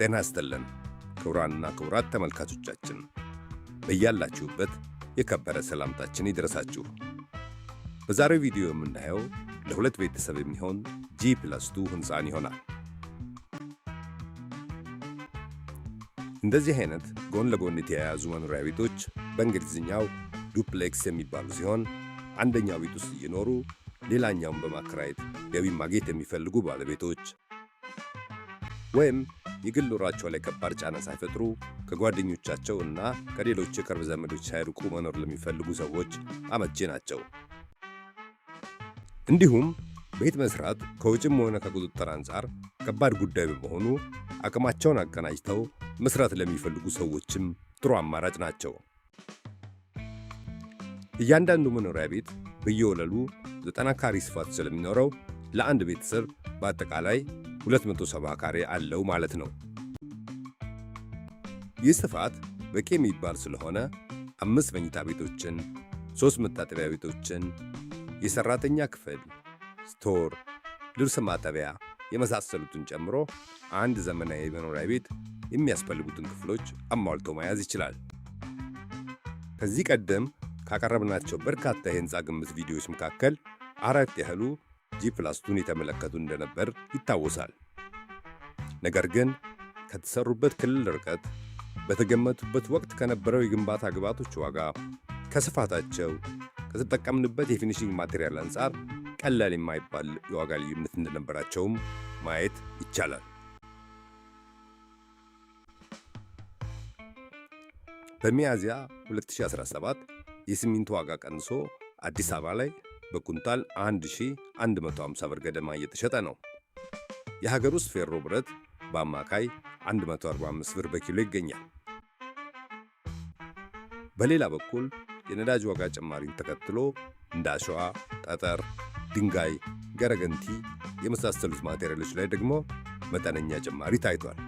ጤና ያስጥልን። ክቡራንና ክቡራት ተመልካቾቻችን በያላችሁበት የከበረ ሰላምታችን ይድረሳችሁ። በዛሬው ቪዲዮ የምናየው ለሁለት ቤተሰብ የሚሆን ጂ ፕለስቱ ሕንፃን ይሆናል። እንደዚህ አይነት ጎን ለጎን የተያያዙ መኖሪያ ቤቶች በእንግሊዝኛው ዱፕሌክስ የሚባሉ ሲሆን አንደኛው ቤት ውስጥ እየኖሩ ሌላኛውን በማከራየት ገቢ ማግኘት የሚፈልጉ ባለቤቶች ወይም የግል ኑሯቸው ላይ ከባድ ጫና ሳይፈጥሩ ከጓደኞቻቸው እና ከሌሎች የቅርብ ዘመዶች ሳይርቁ መኖር ለሚፈልጉ ሰዎች አመቼ ናቸው። እንዲሁም ቤት መስራት ከውጭም ሆነ ከቁጥጥር አንጻር ከባድ ጉዳይ በመሆኑ አቅማቸውን አቀናጅተው መስራት ለሚፈልጉ ሰዎችም ጥሩ አማራጭ ናቸው። እያንዳንዱ መኖሪያ ቤት በየወለሉ ዘጠና ካሬ ስፋት ስለሚኖረው ለአንድ ቤተሰብ በአጠቃላይ 270 ካሬ አለው ማለት ነው። ይህ ስፋት በቂ የሚባል ስለሆነ አምስት መኝታ ቤቶችን፣ ሦስት መታጠቢያ ቤቶችን፣ የሠራተኛ ክፍል፣ ስቶር፣ ልብስ ማጠቢያ የመሳሰሉትን ጨምሮ አንድ ዘመናዊ መኖሪያ ቤት የሚያስፈልጉትን ክፍሎች አሟልቶ መያዝ ይችላል። ከዚህ ቀደም ካቀረብናቸው በርካታ የሕንፃ ግምት ቪዲዮዎች መካከል አራት ያህሉ ጂፕላስቱን የተመለከቱ እንደነበር ይታወሳል። ነገር ግን ከተሰሩበት ክልል ርቀት፣ በተገመቱበት ወቅት ከነበረው የግንባታ ግብዓቶች ዋጋ፣ ከስፋታቸው፣ ከተጠቀምንበት የፊኒሽንግ ማቴሪያል አንጻር ቀላል የማይባል የዋጋ ልዩነት እንደነበራቸውም ማየት ይቻላል። በሚያዝያ 2017 የሲሚንቶ ዋጋ ቀንሶ አዲስ አበባ ላይ በኩንታል 1150 ብር ገደማ እየተሸጠ ነው። የሀገር ውስጥ ፌሮ ብረት በአማካይ 145 ብር በኪሎ ይገኛል። በሌላ በኩል የነዳጅ ዋጋ ጭማሪን ተከትሎ እንደ አሸዋ፣ ጠጠር፣ ድንጋይ፣ ገረገንቲ የመሳሰሉት ማቴሪያሎች ላይ ደግሞ መጠነኛ ጭማሪ ታይቷል።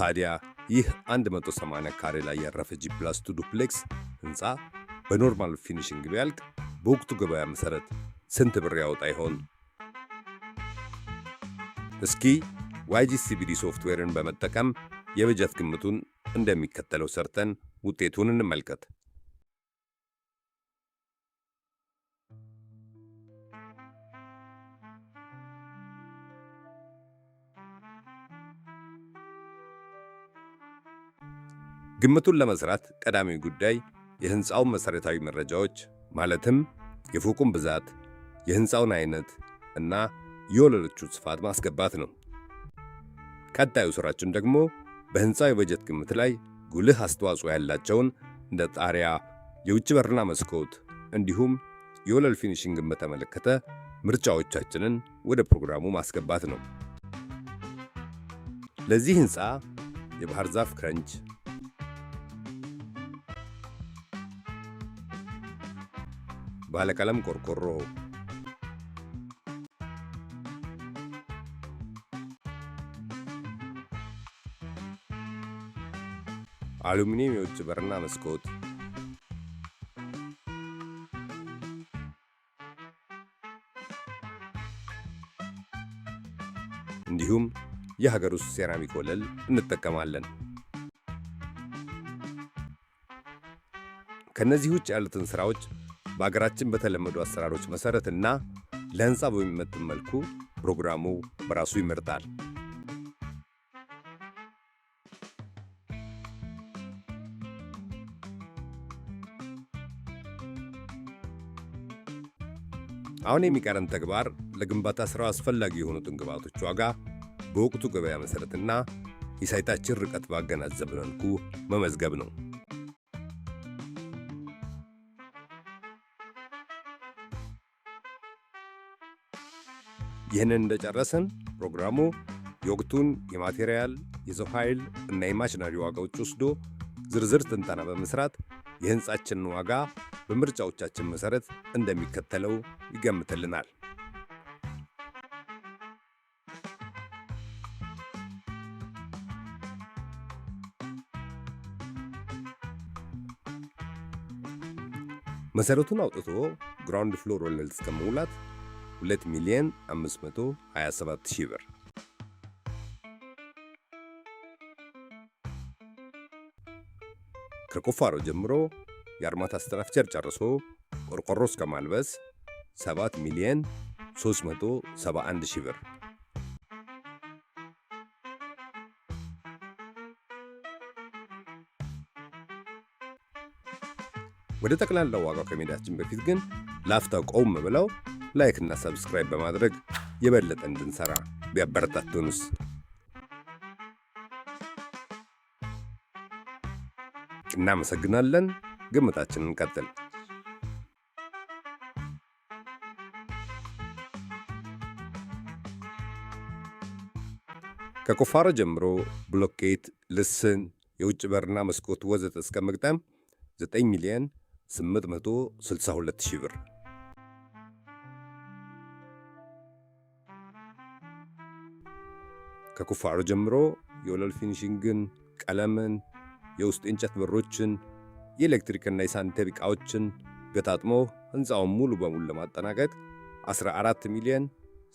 ታዲያ ይህ 180 ካሬ ላይ ያረፈ ጂፕላስቱ ዱፕሌክስ ህንፃ በኖርማል ፊኒሽንግ ቢያልቅ በወቅቱ ገበያ መሠረት ስንት ብር ያወጣ ይሆን? እስኪ ዋይጂሲቢዲ ሶፍትዌርን በመጠቀም የበጀት ግምቱን እንደሚከተለው ሰርተን ውጤቱን እንመልከት። ግምቱን ለመስራት ቀዳሚ ጉዳይ የህንፃው መሠረታዊ መረጃዎች ማለትም የፎቁን ብዛት፣ የህንፃውን አይነት እና የወለሎቹ ስፋት ማስገባት ነው። ቀጣዩ ስራችን ደግሞ በህንፃው የበጀት ግምት ላይ ጉልህ አስተዋጽኦ ያላቸውን እንደ ጣሪያ፣ የውጭ በርና መስኮት እንዲሁም የወለል ፊኒሽንግን በተመለከተ ምርጫዎቻችንን ወደ ፕሮግራሙ ማስገባት ነው። ለዚህ ህንፃ የባህር ዛፍ ክረንች ባለቀለም ቆርቆሮ አሉሚኒየም የውጭ በርና መስኮት እንዲሁም የሀገር ውስጥ ሴራሚክ ወለል እንጠቀማለን። ከእነዚህ ውጭ ያሉትን ሥራዎች በአገራችን በተለመዱ አሰራሮች መሠረትና ለሕንፃ በሚመጥን መልኩ ፕሮግራሙ በራሱ ይመርጣል። አሁን የሚቀረን ተግባር ለግንባታ ሥራው አስፈላጊ የሆኑትን ግብዓቶች ዋጋ በወቅቱ ገበያ መሠረትና የሳይታችን ርቀት ባገናዘብ መልኩ መመዝገብ ነው። ይህንን እንደጨረስን ፕሮግራሙ የወቅቱን የማቴሪያል የሰው ኃይል እና የማሽነሪ ዋጋዎች ወስዶ ዝርዝር ትንተና በመስራት የህንጻችንን ዋጋ በምርጫዎቻችን መሠረት እንደሚከተለው ይገምትልናል። መሠረቱን አውጥቶ ግራውንድ ፍሎር ወለል እስከ 2 ሚሊዮን 527 ሺህ ብር። ከቁፋሮ ጀምሮ የአርማታ ስትራክቸር ጨርሶ ቆርቆሮ እስከ ማልበስ 7 ሚሊዮን 371 ሺህ ብር። ወደ ጠቅላላው ዋጋው ከመሄዳችን በፊት ግን ላፍታ ቆም ብለው ላይክ እና ሰብስክራይብ በማድረግ የበለጠ እንድንሰራ ቢያበረታቱንስ? እናመሰግናለን። ግምታችንን እንቀጥል። ከቁፋሮ ጀምሮ ብሎኬት፣ ልስን፣ የውጭ በርና መስኮት ወዘተ እስከ መግጠም 9 ሚሊዮን 862 ሺህ ብር ከኩፋሩ ጀምሮ የወለል ፊኒሽንግን፣ ቀለምን፣ የውስጥ እንጨት በሮችን፣ የኤሌክትሪክና የሳኒተሪ ዕቃዎችን ገጣጥሞ ሕንፃውን ሙሉ በሙሉ ለማጠናቀቅ 14 ሚሊዮን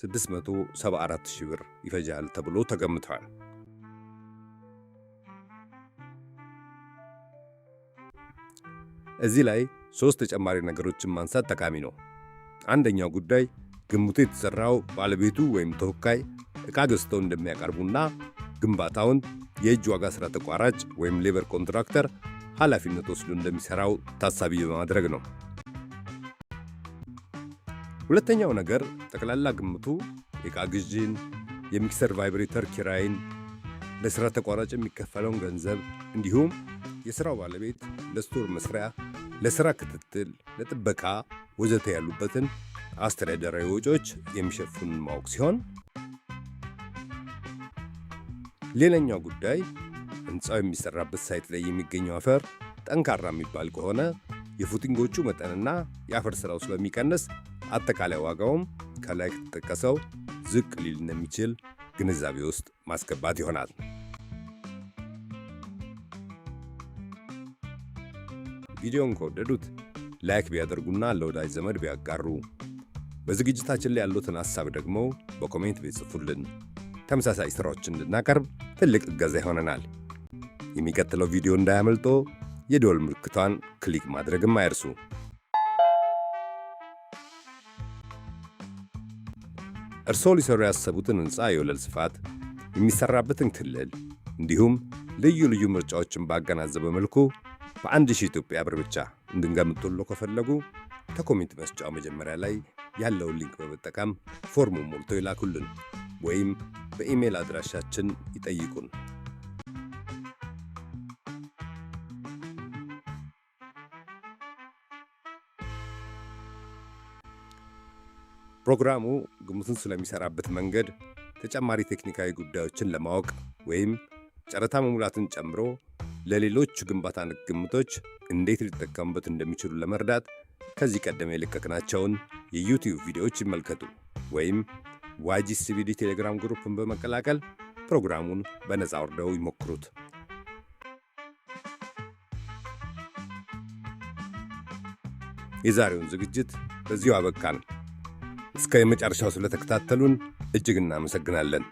674 ሺህ ብር ይፈጃል ተብሎ ተገምቷል። እዚህ ላይ ሶስት ተጨማሪ ነገሮችን ማንሳት ጠቃሚ ነው። አንደኛው ጉዳይ ግምቱ የተሰራው ባለቤቱ ወይም ተወካይ ዕቃ ገዝተው እንደሚያቀርቡና ግንባታውን የእጅ ዋጋ ሥራ ተቋራጭ ወይም ሌበር ኮንትራክተር ኃላፊነት ወስዶ እንደሚሠራው ታሳቢ በማድረግ ነው። ሁለተኛው ነገር ጠቅላላ ግምቱ የዕቃ ግዢን፣ የሚክሰር ቫይብሬተር ኪራይን፣ ለሥራ ተቋራጭ የሚከፈለውን ገንዘብ እንዲሁም የሥራው ባለቤት ለስቶር መስሪያ፣ ለሥራ ክትትል፣ ለጥበቃ ወዘተ ያሉበትን አስተዳደራዊ ወጪዎች የሚሸፍን ማወቅ ሲሆን ሌላኛው ጉዳይ ሕንፃው የሚሠራበት ሳይት ላይ የሚገኘው አፈር ጠንካራ የሚባል ከሆነ የፉቲንጎቹ መጠንና የአፈር ሥራው ስለሚቀንስ አጠቃላይ ዋጋውም ከላይ ከተጠቀሰው ዝቅ ሊል እንደሚችል ግንዛቤ ውስጥ ማስገባት ይሆናል። ቪዲዮን ከወደዱት ላይክ ቢያደርጉና ለወዳጅ ዘመድ ቢያጋሩ፣ በዝግጅታችን ላይ ያሉትን ሐሳብ ደግሞ በኮሜንት ቢጽፉልን ተመሳሳይ ሥራዎች እንድናቀርብ ትልቅ እገዛ ይሆነናል። የሚቀጥለው ቪዲዮ እንዳያመልጦ የደወል ምልክቷን ክሊክ ማድረግም አይርሱ። እርስዎ ሊሰሩ ያሰቡትን ሕንፃ የወለል ስፋት፣ የሚሠራበትን ክልል እንዲሁም ልዩ ልዩ ምርጫዎችን ባገናዘበ መልኩ በአንድ ሺህ ኢትዮጵያ ብር ብቻ እንድንገምጡሎ ከፈለጉ ከኮሜንት መስጫው መጀመሪያ ላይ ያለውን ሊንክ በመጠቀም ፎርሙን ሞልቶ ይላኩልን። ወይም በኢሜል አድራሻችን ይጠይቁን። ፕሮግራሙ ግምቱን ስለሚሰራበት መንገድ ተጨማሪ ቴክኒካዊ ጉዳዮችን ለማወቅ ወይም ጨረታ መሙላትን ጨምሮ ለሌሎች ግንባታ ግምቶች እንዴት ሊጠቀሙበት እንደሚችሉ ለመርዳት ከዚህ ቀደም የለቀቅናቸውን የዩቲዩብ ቪዲዮዎች ይመልከቱ ወይም ዋጂስ ሲቪዲ ቴሌግራም ግሩፕን በመቀላቀል ፕሮግራሙን በነጻ ወርደው ይሞክሩት። የዛሬውን ዝግጅት በዚሁ አበቃን። እስከ የመጨረሻው ስለተከታተሉን እጅግ እናመሰግናለን።